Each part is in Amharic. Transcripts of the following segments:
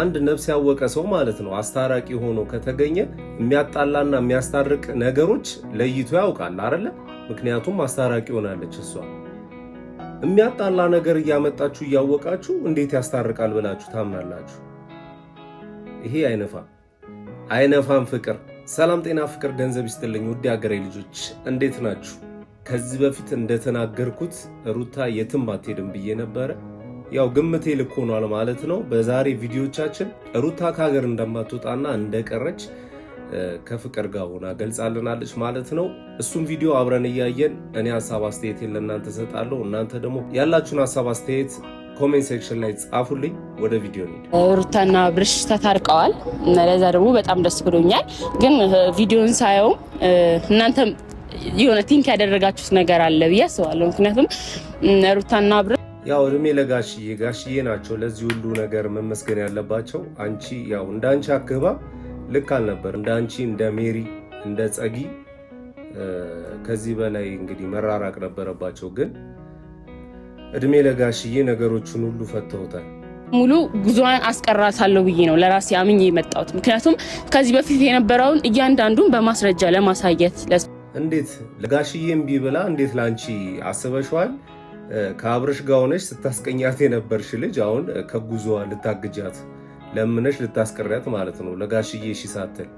አንድ ነፍስ ያወቀ ሰው ማለት ነው አስታራቂ ሆኖ ከተገኘ የሚያጣላና የሚያስታርቅ ነገሮች ለይቶ ያውቃል አይደለ? ምክንያቱም አስታራቂ ሆናለች እሷ። የሚያጣላ ነገር እያመጣችሁ እያወቃችሁ እንዴት ያስታርቃል ብላችሁ ታምናላችሁ? ይሄ አይነፋ አይነፋም። ፍቅር፣ ሰላም፣ ጤና፣ ፍቅር፣ ገንዘብ ይስጥልኝ ውድ የአገሬ ልጆች እንዴት ናችሁ? ከዚህ በፊት እንደተናገርኩት ሩታ የትም አትሄድም ብዬ ነበረ። ያው ግምቴ ልኮ ሆኗል ማለት ነው። በዛሬ ቪዲዮቻችን ሩታ ከሀገር እንደማትወጣና እንደቀረች ከፍቅር ጋር ሆና ገልጻልናለች ማለት ነው። እሱም ቪዲዮ አብረን እያየን እኔ ሀሳብ አስተያየቴን ለእናንተ እሰጣለሁ። እናንተ ደግሞ ያላችሁን ሀሳብ አስተያየት ኮሜንት ሴክሽን ላይ ጻፉልኝ። ወደ ቪዲዮ ሩታና ብርሽ ተታርቀዋል ለዛ ደግሞ በጣም ደስ ብሎኛል። ግን ቪዲዮን ሳየውም እናንተ የሆነ ቲንክ ያደረጋችሁት ነገር አለ ብዬ አስባለሁ። ምክንያቱም ሩታና አብርሽ ያው እድሜ ለጋሽዬ ጋሽዬ ናቸው ለዚህ ሁሉ ነገር መመስገን ያለባቸው። አንቺ ያው እንደ አንቺ አክባ ልክ አልነበር እንደ አንቺ እንደ ሜሪ እንደ ጸጊ ከዚህ በላይ እንግዲህ መራራቅ ነበረባቸው። ግን እድሜ ለጋሽዬ ነገሮቹን ሁሉ ፈተውታል። ሙሉ ጉዞዋን አስቀራታለሁ ብዬ ነው ለራሴ አምኜ የመጣሁት። ምክንያቱም ከዚህ በፊት የነበረውን እያንዳንዱን በማስረጃ ለማሳየት እንዴት ለጋሽዬ እምቢ ብላ እንዴት ለአንቺ አስበሽዋል ከአብርሽ ጋር ሆነሽ ስታስቀኛት የነበርሽ ልጅ አሁን ከጉዞዋ ልታግጃት ለምነሽ ልታስቀሪያት ማለት ነው። ለጋሽዬ እሺ ሳትል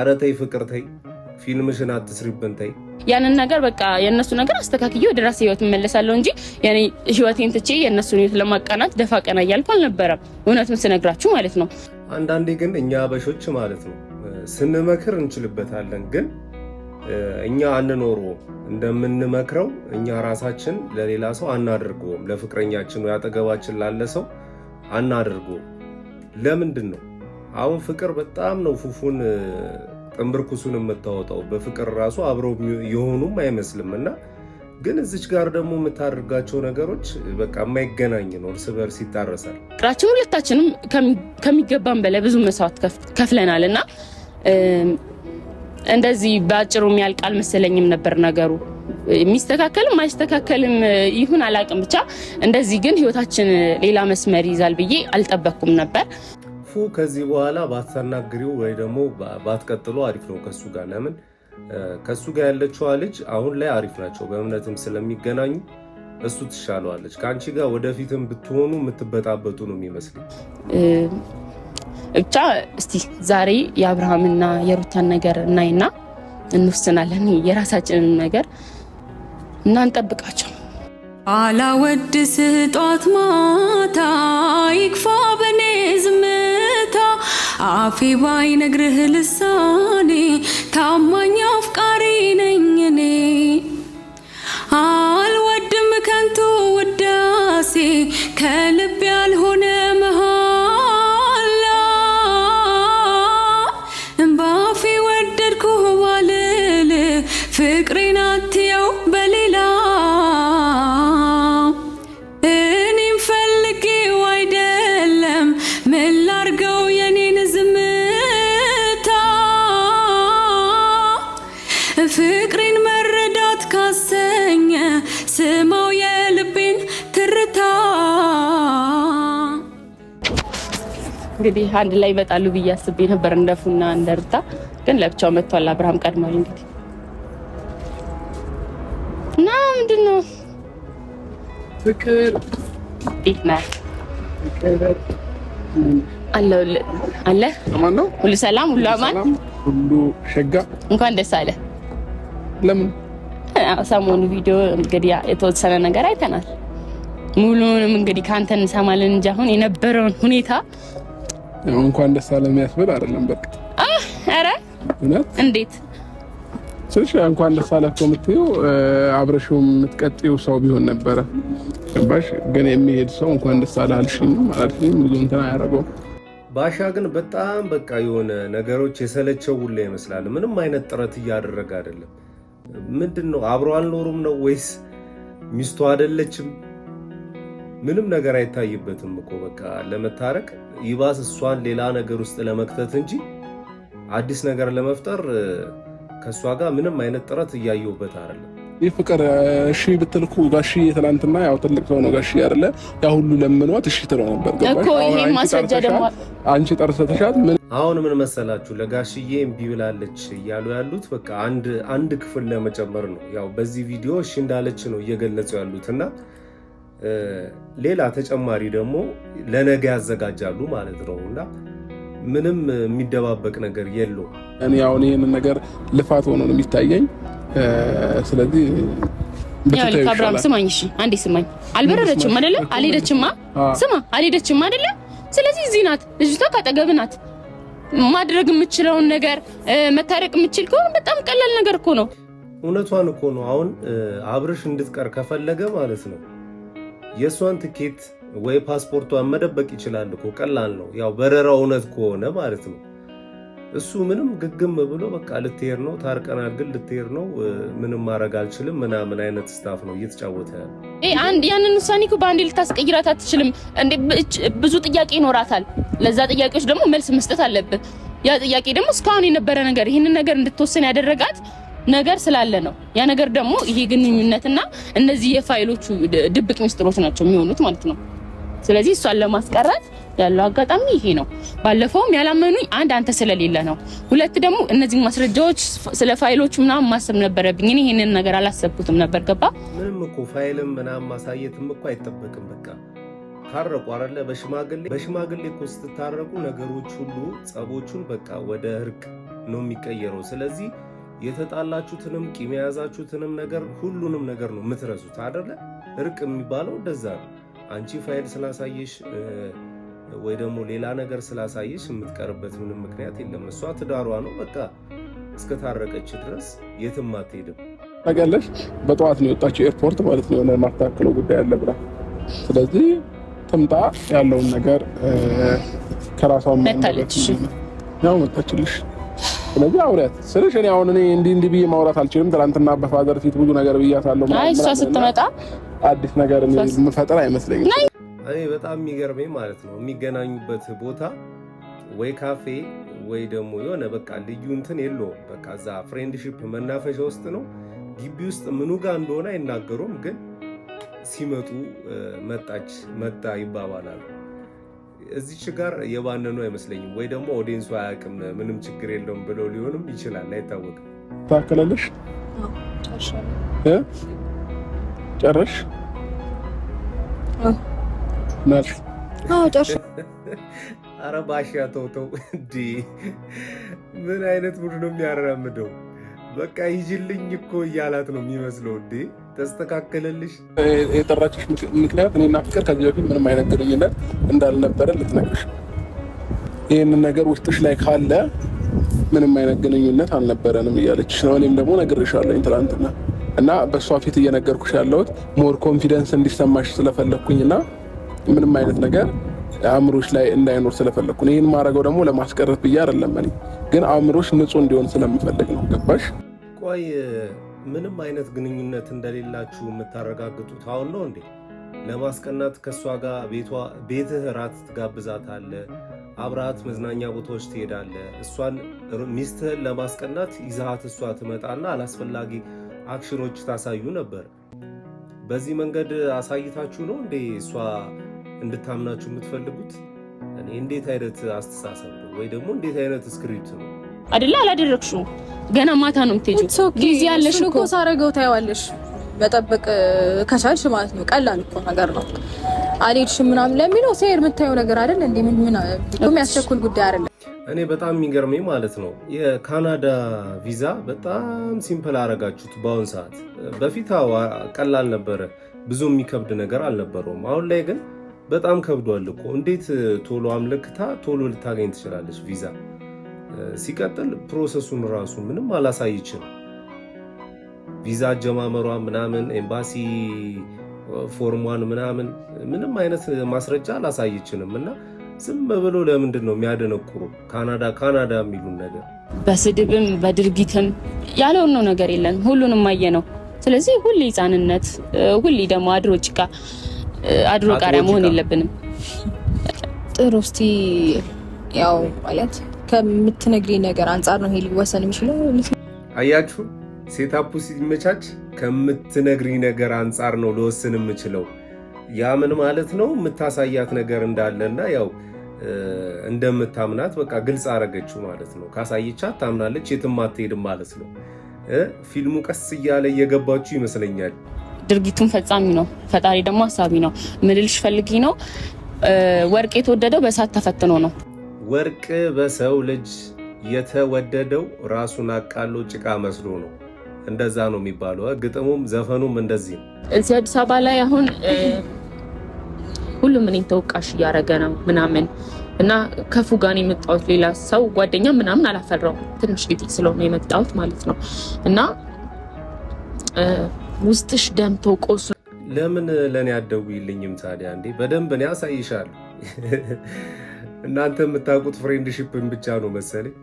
ኧረ ተይ ፍቅር ተይ፣ ፊልምሽን አትስሪብን ተይ። ያንን ነገር በቃ የእነሱ ነገር አስተካክዬ ወደ ራሴ ህይወት እመለሳለሁ እንጂ ህይወቴን ትቼ የእነሱን ህይወት ለማቃናት ደፋ ቀና እያልኩ አልነበረም። እውነቱን ስነግራችሁ ማለት ነው። አንዳንዴ ግን እኛ አበሾች ማለት ነው ስንመክር እንችልበታለን ግን እኛ አንኖሮ እንደምንመክረው እኛ ራሳችን ለሌላ ሰው አናደርገውም። ለፍቅረኛችን ወይ አጠገባችን ላለ ሰው አናደርገውም። ለምንድን ነው አሁን ፍቅር በጣም ነው ፉፉን ጥንብርኩሱን የምታወጣው። በፍቅር ራሱ አብረው የሆኑም አይመስልም እና ግን እዚች ጋር ደግሞ የምታደርጋቸው ነገሮች በቃ የማይገናኝ ነው። እርስ በርስ ይታረሳል ፍቅራችን። ሁለታችንም ከሚገባን በላይ ብዙ መስዋዕት ከፍለናል እና እንደዚህ በአጭሩ የሚያልቅ አልመሰለኝም ነበር ነገሩ። የሚስተካከልም አይስተካከልም ይሁን አላቅም፣ ብቻ እንደዚህ ግን ህይወታችን ሌላ መስመር ይዛል ብዬ አልጠበቅኩም ነበር። ፉ ከዚህ በኋላ ባታናግሪው ወይ ደግሞ ባትቀጥሎ አሪፍ ነው ከሱ ጋር። ለምን ከሱ ጋር ያለችዋ ልጅ አሁን ላይ አሪፍ ናቸው፣ በእምነትም ስለሚገናኙ እሱ ትሻለዋለች። ከአንቺ ጋር ወደፊትም ብትሆኑ የምትበጣበጡ ነው የሚመስለኝ ብቻ እስቲ ዛሬ የአብርሃምና የሩታን ነገር እናይና እንወስናለን። የራሳችንን ነገር እና እንጠብቃቸው። አላወድስ ጧት ማታ ይክፋ በኔ ዝምታ አፌ ባይነግርህ ልሳኔ ታማኝ አፍቃሪ ነኝ እኔ እንግዲህ አንድ ላይ ይመጣሉ ብዬ አስቤ ነበር እንደ እንደርታ ግን ለብቻው መጥቷል። አብርሃም ቀድሟል። እንግዲህ እና ምንድን ነው ፍቅር አለ ሁሉ ሰላም፣ ሁሉ አማን፣ ሁሉ ሸጋ። እንኳን ደስ አለ። ለምን ሰሞኑ ቪዲዮ እንግዲህ የተወሰነ ነገር አይተናል። ሙሉንም እንግዲህ ከአንተ እንሰማለን እንጂ አሁን የነበረውን ሁኔታ አሁን እንኳን ደስ አለ የሚያስብል አይደለም። በቃ ኧረ እንዴት ስልሽ እንኳን ደስ አለ እኮ የምትይው አብረሽው የምትቀጥይው ሰው ቢሆን ነበረ። ገባሽ? ግን የሚሄድ ሰው እንኳን ደስ አለ አልሽኝም አላልሽኝም ብዙ እንትን አያደርገውም። ባሻ ግን በጣም በቃ የሆነ ነገሮች የሰለቸው ሁላ ይመስላል። ምንም አይነት ጥረት እያደረገ አይደለም። ምንድን ነው አብሮ አልኖሩም ነው ወይስ ሚስቱ አይደለችም? ምንም ነገር አይታይበትም እኮ በቃ ለመታረቅ ይባስ እሷን ሌላ ነገር ውስጥ ለመክተት እንጂ አዲስ ነገር ለመፍጠር ከእሷ ጋር ምንም አይነት ጥረት እያየሁበት አይደለም። ይህ ፍቅር እሺ ብትል እኮ ጋሽዬ ትናንትና ያው ትልቅ ሰው ነው ጋሽዬ አይደለ ያ ሁሉ ለምንዋት እሺ ትለው ነበር እኮ። ይሄ ማስረጃ ደግሞ አንቺ ጠርሰተሻት። አሁን ምን መሰላችሁ ለጋሽዬ እምቢ ብላለች እያሉ ያሉት በቃ አንድ አንድ ክፍል ለመጨመር ነው። ያው በዚህ ቪዲዮ እሺ እንዳለች ነው እየገለጹ ያሉት እና ሌላ ተጨማሪ ደግሞ ለነገ ያዘጋጃሉ ማለት ነው እና ምንም የሚደባበቅ ነገር የለውም። እኔ አሁን ይህንን ነገር ልፋት ሆኖ ነው የሚታየኝ። ስለዚህ አብርሃም ስማኝ፣ እሺ አንዴ ስማኝ። አልበረረችም አደለ? አልሄደችማ። ስማ፣ አልሄደችማ አደለ? ስለዚህ እዚህ ናት ልጅቷ፣ ካጠገብ ናት። ማድረግ የምችለውን ነገር መታረቅ የምችል ከሆነ በጣም ቀላል ነገር እኮ ነው። እውነቷን እኮ ነው። አሁን አብርሽ እንድትቀር ከፈለገ ማለት ነው የእሷን ትኬት ወይ ፓስፖርቷን መደበቅ ይችላል እኮ ቀላል ነው። ያው በረራ እውነት ከሆነ ማለት ነው። እሱ ምንም ግግም ብሎ በቃ ልትሄድ ነው፣ ታርቀናል፣ ግን ልትሄድ ነው፣ ምንም ማድረግ አልችልም ምናምን አይነት ስታፍ ነው እየተጫወተ አንድ ያንን ውሳኔ እኮ በአንዴ ልታስቀይራት አትችልም። ብዙ ጥያቄ ይኖራታል። ለዛ ጥያቄዎች ደግሞ መልስ መስጠት አለብህ። ያ ጥያቄ ደግሞ እስካሁን የነበረ ነገር ይህንን ነገር እንድትወሰን ያደረጋት ነገር ስላለ ነው። ያ ነገር ደግሞ ይሄ ግንኙነትና እነዚህ የፋይሎቹ ድብቅ ሚስጥሮች ናቸው የሚሆኑት ማለት ነው። ስለዚህ እሷን ለማስቀረት ያለው አጋጣሚ ይሄ ነው። ባለፈውም ያላመኑኝ አንድ አንተ ስለሌለ ነው፣ ሁለት ደግሞ እነዚህ ማስረጃዎች ስለ ፋይሎቹ ምናምን ማሰብ ነበረብኝ። እኔ ይሄንን ነገር አላሰብኩትም ነበር። ገባ ምንም እኮ ፋይልም ምናምን ማሳየትም እኮ አይጠበቅም። በቃ ታረቁ አለ በሽማግሌ በሽማግሌ እኮ ስትታረቁ ነገሮች ሁሉ ጸቦቹን በቃ ወደ እርቅ ነው የሚቀየረው። ስለዚህ የተጣላችሁትንም ቂም የያዛችሁትንም ነገር ሁሉንም ነገር ነው የምትረሱት አደለ? እርቅ የሚባለው እንደዛ ነው። አንቺ ፋይል ስላሳየሽ ወይ ደግሞ ሌላ ነገር ስላሳየሽ የምትቀርበት ምንም ምክንያት የለም። እሷ ትዳሯ ነው በቃ እስከታረቀች ድረስ የትም አትሄድም። ነገለሽ በጠዋት ነው የወጣቸው ኤርፖርት ማለት ነው የሆነ ጉዳይ አለ ብላ ስለዚህ ትምጣ ያለውን ነገር ከራሷ መታለች፣ ያው መጣችልሽ ስለዚህ አውሪያት ስልሽ እኔ አሁን እኔ እንዲህ እንዲህ ብዬ ማውራት አልችልም። ትናንትና በፋዘር ፊት ብዙ ነገር ብያታለሁ። አይ እሷ ስትመጣ አዲስ ነገር የምፈጥር አይመስለኝም። እኔ በጣም የሚገርመኝ ማለት ነው የሚገናኙበት ቦታ ወይ ካፌ ወይ ደግሞ የሆነ በቃ ልዩ እንትን የለውም። በቃ እዛ ፍሬንድሺፕ መናፈሻ ውስጥ ነው ግቢ ውስጥ ምኑ ጋር እንደሆነ አይናገሩም፣ ግን ሲመጡ መጣች መጣ ይባባላሉ። እዚች ጋር የባነኑ አይመስለኝም። ወይ ደግሞ ኦዲንሱ አያውቅም ምንም ችግር የለውም ብለው ሊሆንም ይችላል፣ አይታወቅም። ታክላለሽ ጨረሽ አረ ባሻ ተውተው እንዲ ምን አይነት ቡድን ነው የሚያራምደው? በቃ ይጅልኝ እኮ እያላት ነው የሚመስለው እንዴ ተስተካከለልሽ። የጠራችሽ ምክንያት እኔና ፍቅር ከዚህ በፊት ምንም አይነት ግንኙነት እንዳልነበረ ልትነግርሽ፣ ይህንን ነገር ውስጥሽ ላይ ካለ ምንም አይነት ግንኙነት አልነበረንም እያለችሽ ነው። እኔም ደግሞ ነግሬሻለሁኝ ትናንትና እና በእሷ ፊት እየነገርኩሽ ያለሁት ሞር ኮንፊደንስ እንዲሰማሽ ስለፈለግኩኝ እና ምንም አይነት ነገር አእምሮች ላይ እንዳይኖር ስለፈለግኩ ይህን ማድረገው ደግሞ ለማስቀረት ብዬ አይደለም። እኔ ግን አእምሮች ንጹህ እንዲሆን ስለምፈልግ ነው። ገባሽ? ቆይ ምንም አይነት ግንኙነት እንደሌላችሁ የምታረጋግጡት አሁን ነው እንዴ? ለማስቀናት ከእሷ ጋር ቤትህ ራት ትጋብዛታለህ፣ አብራት መዝናኛ ቦታዎች ትሄዳለህ። እሷን ሚስትህን ለማስቀናት ይዛሃት እሷ ትመጣና አላስፈላጊ አክሽኖች ታሳዩ ነበር። በዚህ መንገድ አሳይታችሁ ነው እንዴ እሷ እንድታምናችሁ የምትፈልጉት? እኔ እንዴት አይነት አስተሳሰብ ነው ወይ ደግሞ እንዴት አይነት ስክሪፕት ነው? አይደለ? አላደረግሽውም። ገና ማታ ነው የምትሄጂው። ጊዜ ያለሽ እኮ ሳረገው ታይዋለሽ። መጠበቅ ከቻልሽ ማለት ነው። ቀላል እኮ ነገር ነው። አልሄድሽም ምናምን ለሚለው ሲሄድ የምታየው ነገር አይደል እንዴ? ምን ምን የሚያስቸኩል ጉዳይ አይደለም። እኔ በጣም የሚገርመኝ ማለት ነው የካናዳ ቪዛ በጣም ሲምፕል አረጋችሁት በአሁን ሰዓት። በፊት ቀላል ነበረ፣ ብዙ የሚከብድ ነገር አልነበረውም። አሁን ላይ ግን በጣም ከብዷል እኮ። እንዴት ቶሎ አምለክታ ቶሎ ልታገኝ ትችላለች ቪዛ? ሲቀጥል ፕሮሰሱን ራሱ ምንም አላሳይችም። ቪዛ አጀማመሯ ምናምን ኤምባሲ ፎርሟን ምናምን ምንም አይነት ማስረጃ አላሳየችንም እና ዝም ብሎ ለምንድን ነው የሚያደነቁሩ ካናዳ ካናዳ የሚሉን ነገር? በስድብም በድርጊትም ያለውን ነው ነገር የለም ሁሉንም አየ ነው። ስለዚህ ሁሌ ህፃንነት፣ ሁሌ ደግሞ አድሮ ጭቃ አድሮ ቃሪያ መሆን የለብንም። ጥሩ እስቲ ያው ማለት ከምትነግሪ ነገር አንጻር ነው ይሄ ሊወሰን የሚችለው። አያችሁ ሴታፑ ሲመቻች ከምትነግሪ ነገር አንጻር ነው ልወስን የምችለው። ያ ምን ማለት ነው? የምታሳያት ነገር እንዳለና ያው እንደምታምናት በቃ ግልጽ አረገችው ማለት ነው። ካሳየቻት ታምናለች፣ የትም አትሄድም ማለት ነው። ፊልሙ ቀስ እያለ እየገባችሁ ይመስለኛል። ድርጊቱን ፈጻሚ ነው፣ ፈጣሪ ደግሞ ሀሳቢ ነው። ምልልሽ ፈልጊ ነው። ወርቅ የተወደደው በእሳት ተፈትኖ ነው። ወርቅ በሰው ልጅ የተወደደው ራሱን አቃሎ ጭቃ መስሎ ነው። እንደዛ ነው የሚባለው። ግጥሙም ዘፈኑም እንደዚህ ነው። እዚህ አዲስ አበባ ላይ አሁን ሁሉም እኔን ተወቃሽ እያደረገ ነው ምናምን እና ከፉ ጋር የመጣሁት ሌላ ሰው ጓደኛ ምናምን አላፈራውም። ትንሽ ጊዜ ስለሆነ የመጣሁት ማለት ነው። እና ውስጥሽ ደምቶ ቆሱ ለምን ለእኔ አደውይልኝም ታዲያ እንዴ? በደንብ እኔ አሳይሻለሁ። እናንተ የምታውቁት ፍሬንድሽፕን ብቻ ነው መሰለኝ።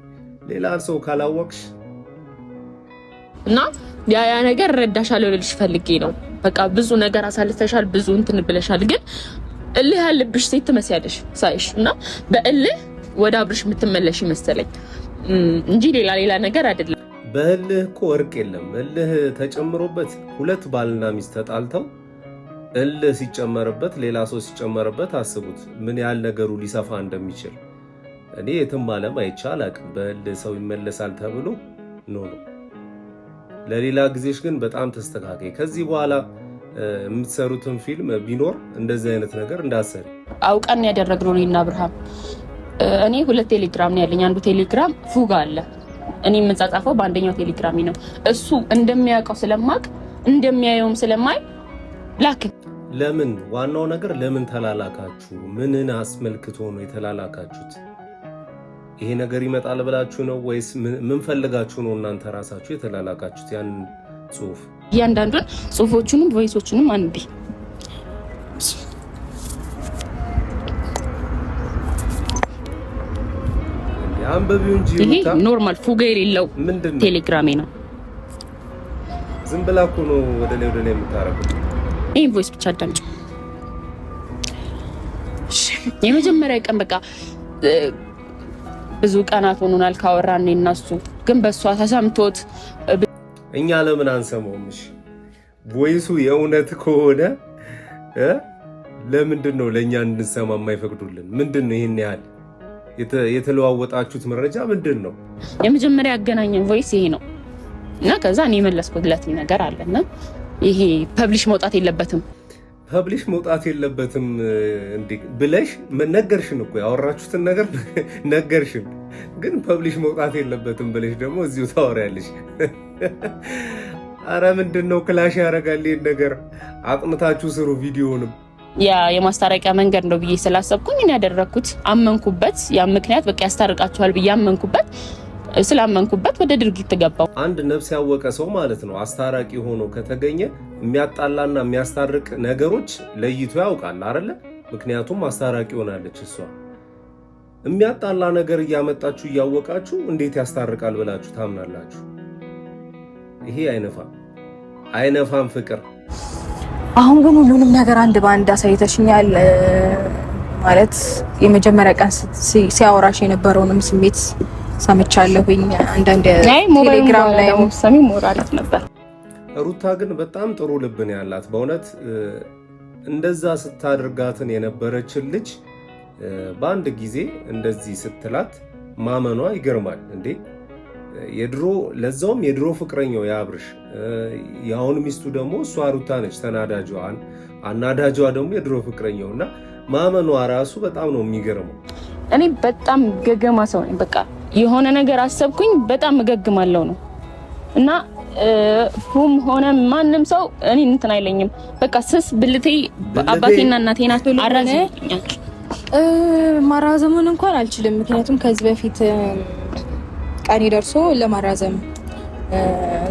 ሌላ ሰው ካላወቅሽ እና ያ ያ ነገር ረዳሻለሁ ልልሽ ፈልጌ ነው። በቃ ብዙ ነገር አሳልፈሻል፣ ብዙ እንትን ብለሻል። ግን እልህ ያለብሽ ሴት ትመስያለሽ ሳይሽ እና በእልህ ወደ አብርሽ የምትመለሽ ይመስለኝ እንጂ ሌላ ሌላ ነገር አይደለም። በእልህ እኮ ወርቅ የለም። እልህ ተጨምሮበት ሁለት ባልና ሚስት ተጣልተው እልህ ሲጨመርበት ሌላ ሰው ሲጨመርበት አስቡት ምን ያህል ነገሩ ሊሰፋ እንደሚችል። እኔ የትም ዓለም አይቼ አላቅም በእልህ ሰው ይመለሳል ተብሎ ኖ ነው። ለሌላ ጊዜሽ ግን በጣም ተስተካካይ። ከዚህ በኋላ የምትሰሩትን ፊልም ቢኖር እንደዚህ አይነት ነገር እንዳሰሪ አውቀን ያደረግነው እኔና ብርሃም እኔ ሁለት ቴሌግራም ነው ያለኝ። አንዱ ቴሌግራም ፉጋ አለ። እኔ የምንጻጻፈው በአንደኛው ቴሌግራሚ ነው። እሱ እንደሚያውቀው ስለማቅ እንደሚያየውም ስለማይ ላክ ለምን ዋናው ነገር ለምን ተላላካችሁ? ምንን አስመልክቶ ነው የተላላካችሁት? ይሄ ነገር ይመጣል ብላችሁ ነው ወይስ ምን ፈልጋችሁ ነው እናንተ ራሳችሁ የተላላካችሁት? ያን ጽሁፍ እያንዳንዱን ጽሁፎቹንም ቮይሶቹንም አንዴ? አንበቢው እንጂ ይሄ ኖርማል ፉጋ የሌለው ቴሌግራሜ ነው። ዝም ብላ እኮ ነው ወደ ላይ ወደ ላይ የምታረገው ይህ ቮይስ ብቻ አዳምጭ። የመጀመሪያ ቀን በቃ ብዙ ቀናት ሆኖናል ካወራን እና እሱ ግን በእሷ ተሰምቶት እኛ ለምን አንሰማውምሽ? ቮይሱ የእውነት ከሆነ ለምንድን ነው ለእኛ እንድንሰማ የማይፈቅዱልን? ምንድን ነው ይህን ያህል የተለዋወጣችሁት መረጃ ምንድን ነው? የመጀመሪያ ያገናኘን ቮይስ ይሄ ነው እና ከዛ እኔ የመለስኩለት ነገር አለና ይሄ ፐብሊሽ መውጣት የለበትም ፐብሊሽ መውጣት የለበትም ብለሽ ነገርሽን እኮ ያወራችሁትን ነገር ነገርሽን፣ ግን ፐብሊሽ መውጣት የለበትም ብለሽ ደግሞ እዚሁ ታወሪያለሽ። አረ ምንድን ነው ክላሽ ያደርጋል። ይህን ነገር አጥንታችሁ ስሩ ቪዲዮንም ያ የማስታረቂያ መንገድ ነው ብዬ ስላሰብኩኝ ያደረግኩት አመንኩበት። ያ ምክንያት በቃ ያስታርቃችኋል ብዬ አመንኩበት። ስላመንኩበት ወደ ድርጊት ገባው። አንድ ነፍስ ያወቀ ሰው ማለት ነው አስታራቂ ሆኖ ከተገኘ የሚያጣላና የሚያስታርቅ ነገሮች ለይቶ ያውቃል አይደለ? ምክንያቱም አስታራቂ ሆናለች እሷ። የሚያጣላ ነገር እያመጣችሁ እያወቃችሁ እንዴት ያስታርቃል ብላችሁ ታምናላችሁ? ይሄ አይነፋም፣ አይነፋም ፍቅር። አሁን ግን ሁሉንም ነገር አንድ በአንድ አሳይተሽኛል። ማለት የመጀመሪያ ቀን ሲያወራሽ የነበረውንም ስሜት ሰምቻለሁኝ። አንዳንድ ቴሌግራም ላይ ሰሚ ነበር። ሩታ ግን በጣም ጥሩ ልብን ያላት በእውነት እንደዛ ስታደርጋትን የነበረችን ልጅ በአንድ ጊዜ እንደዚህ ስትላት ማመኗ ይገርማል እንዴ! የድሮ ለዛውም የድሮ ፍቅረኛው የአብርሽ የአሁን ሚስቱ ደግሞ እሷ ሩታ ነች። ተናዳጇን አናዳጇ ደግሞ የድሮ ፍቅረኛው እና ማመኗ ራሱ በጣም ነው የሚገርመው። እኔ በጣም ገገማ ሰው ነኝ በቃ የሆነ ነገር አሰብኩኝ በጣም እገግማለሁ ነው እና ፉም ሆነ ማንም ሰው እኔ እንትን አይለኝም። በቃ ስስ ብልቴ አባቴና እናቴ ናቸው። አራዝኛል ማራዘሙን እንኳን አልችልም። ምክንያቱም ከዚህ በፊት ቀኔ ደርሶ ለማራዘም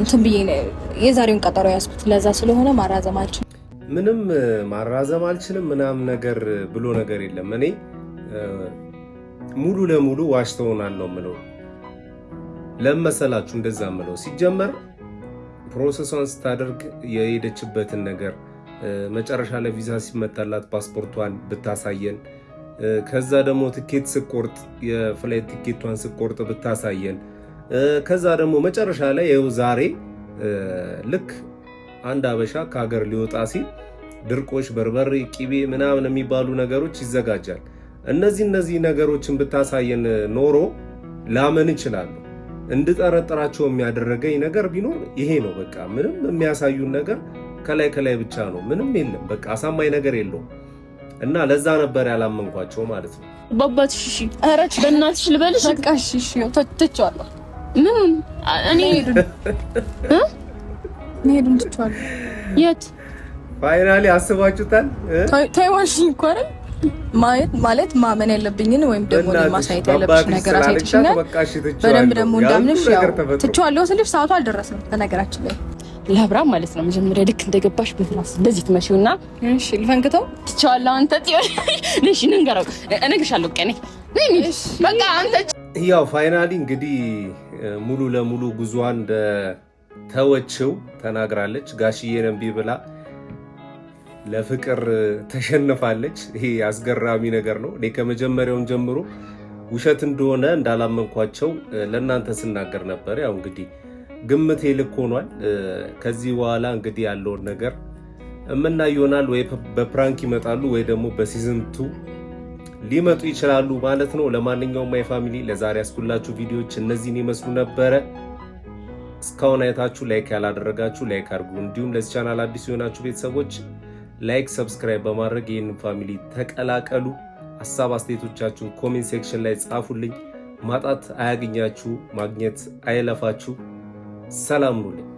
እንትን ብዬ የዛሬውን ቀጠሮ ያስኩት ለዛ ስለሆነ ማራዘም አልችልም። ምንም ማራዘም አልችልም ምናምን ነገር ብሎ ነገር የለም እኔ ሙሉ ለሙሉ ዋሽተውናል ነው ምለው ለመሰላችሁ እንደዛ ምለው ሲጀመር ፕሮሰሷን ስታደርግ የሄደችበትን ነገር መጨረሻ ላይ ቪዛ ሲመታላት ፓስፖርቷን ብታሳየን፣ ከዛ ደግሞ ትኬት ስቆርጥ የፍላይት ትኬቷን ስቆርጥ ብታሳየን፣ ከዛ ደግሞ መጨረሻ ላይ ይኸው ዛሬ ልክ አንድ አበሻ ከሀገር ሊወጣ ሲል ድርቆሽ፣ በርበሬ፣ ቂቤ ምናምን የሚባሉ ነገሮች ይዘጋጃል። እነዚህ እነዚህ ነገሮችን ብታሳየን ኖሮ ላመን እችላለሁ። እንድጠረጥራቸው የሚያደረገኝ ነገር ቢኖር ይሄ ነው። በቃ ምንም የሚያሳዩን ነገር ከላይ ከላይ ብቻ ነው። ምንም የለም። በቃ አሳማኝ ነገር የለውም። እና ለዛ ነበር ያላመንኳቸው ማለት ነው። በአባትሽ እሺ፣ ኧረ በእናትሽ ልበልሽ። በቃ እሺ፣ እሺ፣ ትቼዋለሁ። ምን እኔ ሄዱን ትቼዋለሁ። የት ፋይናሊ አስባችሁታል? ታይዋሽ እኮ አይደል ማየት ማለት ማመን ያለብኝን ወይም ደግሞ ማሳየት ያለብሽ ነገር አሳይተሽኛል። በደንብ ደግሞ እንዳምንሽ ትቼዋለሁ ስልሽ ሰዓቱ አልደረስም። በነገራችን ላይ ለብራ ማለት ነው መጀመሪያ ልክ እንደገባሽ በትራስ እንደዚህ ትመሺው እና እሺ፣ ልፈንክተው ትቼዋለሁ። አንተ ጥዮን ነሽ ንንገረው፣ እነግርሻለሁ። ቀኔ በቃ አንተ ያው ፋይናሊ እንግዲህ ሙሉ ለሙሉ ጉዟን እንደተወችው ተናግራለች። ጋሽዬን እምቢ ብላ ለፍቅር ተሸንፋለች። ይሄ አስገራሚ ነገር ነው። እኔ ከመጀመሪያውን ጀምሮ ውሸት እንደሆነ እንዳላመንኳቸው ለእናንተ ስናገር ነበር። ያው እንግዲህ ግምቴ ልክ ሆኗል። ከዚህ በኋላ እንግዲህ ያለውን ነገር እምና ይሆናል። ወይ በፕራንክ ይመጣሉ ወይ ደግሞ በሲዝን ቱ ሊመጡ ይችላሉ ማለት ነው። ለማንኛውም ማይ ፋሚሊ ለዛሬ ያስኩላችሁ ቪዲዮዎች እነዚህን ይመስሉ ነበረ። እስካሁን አይታችሁ ላይክ ያላደረጋችሁ ላይክ አድርጉ። እንዲሁም ለዚህ ቻናል አዲስ የሆናችሁ ቤተሰቦች ላይክ፣ ሰብስክራይብ በማድረግ ይህን ፋሚሊ ተቀላቀሉ። ሀሳብ አስተያየቶቻችሁን ኮሜንት ሴክሽን ላይ ጻፉልኝ። ማጣት አያገኛችሁ፣ ማግኘት አይለፋችሁ። ሰላም ኑልኝ።